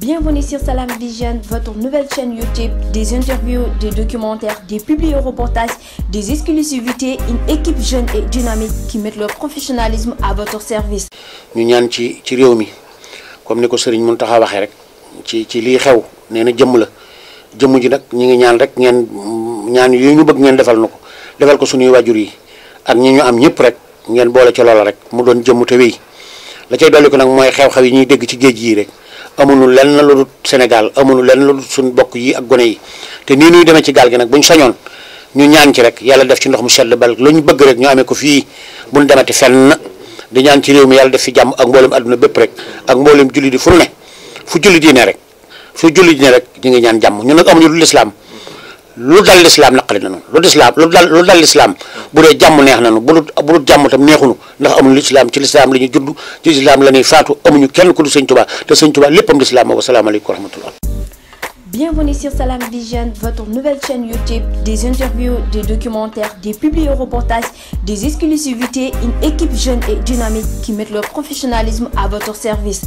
Bienvenue sur Salam Vision, votre nouvelle chaîne YouTube, des interviews, des documentaires, des publi-reportages, des exclusivités, une équipe jeune et dynamique qui met leur professionnalisme à votre service. ñu ñaan ci ci réew mi comme ni ko mun Mountakha waxee rek ci ci lii xew nee na jëmm la jëmm ji nag ñu ngi ñaan rek ngeen ñaan yooyu ñu bëgg ngeen defal na ko defal ko suñuy waajur yi ak ñi ñu am ñëpp rek ngeen boole ci loola rek mu doon jëmm te wéy la ko nag mooy xew yi ñuy dégg ci géej gii rek. amunu lenn lu Sénégal amunu lenn lu dul suñ bokk yi ak gone yi te nii nuy demee ci gaal gi nag ñu sañoon ñu ñaan ci rek yàlla def ci ndox mu sedd bal lu ñu bëgg rek ñu amee ko fii buñ demati fenn di ñaan ci réew mi yàlla def fi jàmm ak mboolem àdduna bépp rek ak mboolem julli di fu ne fu julli di rek fu julli di ne rek ñu ngi ñaan jàmm ñu nag amuñu lu lislaam lu dal lislaam naqari na noonu lu lislaam bu dee jàmm neex na bu dul jàmm tam neexunu ndax amuñu lislaam ci lislaam la ñuy judd ci lislaam la ñuy faatu amuñu kenn ku du sëñ Tuubaa te sëñ Tuubaa léppam lislaam wa salaamaaleykum wa rahmatullah Bienvenue sur Salam Vision, votre nouvelle chaîne YouTube, des interviews, des documentaires, des publi des exclusivités, une équipe jeune et dynamique qui met leur professionnalisme à votre service.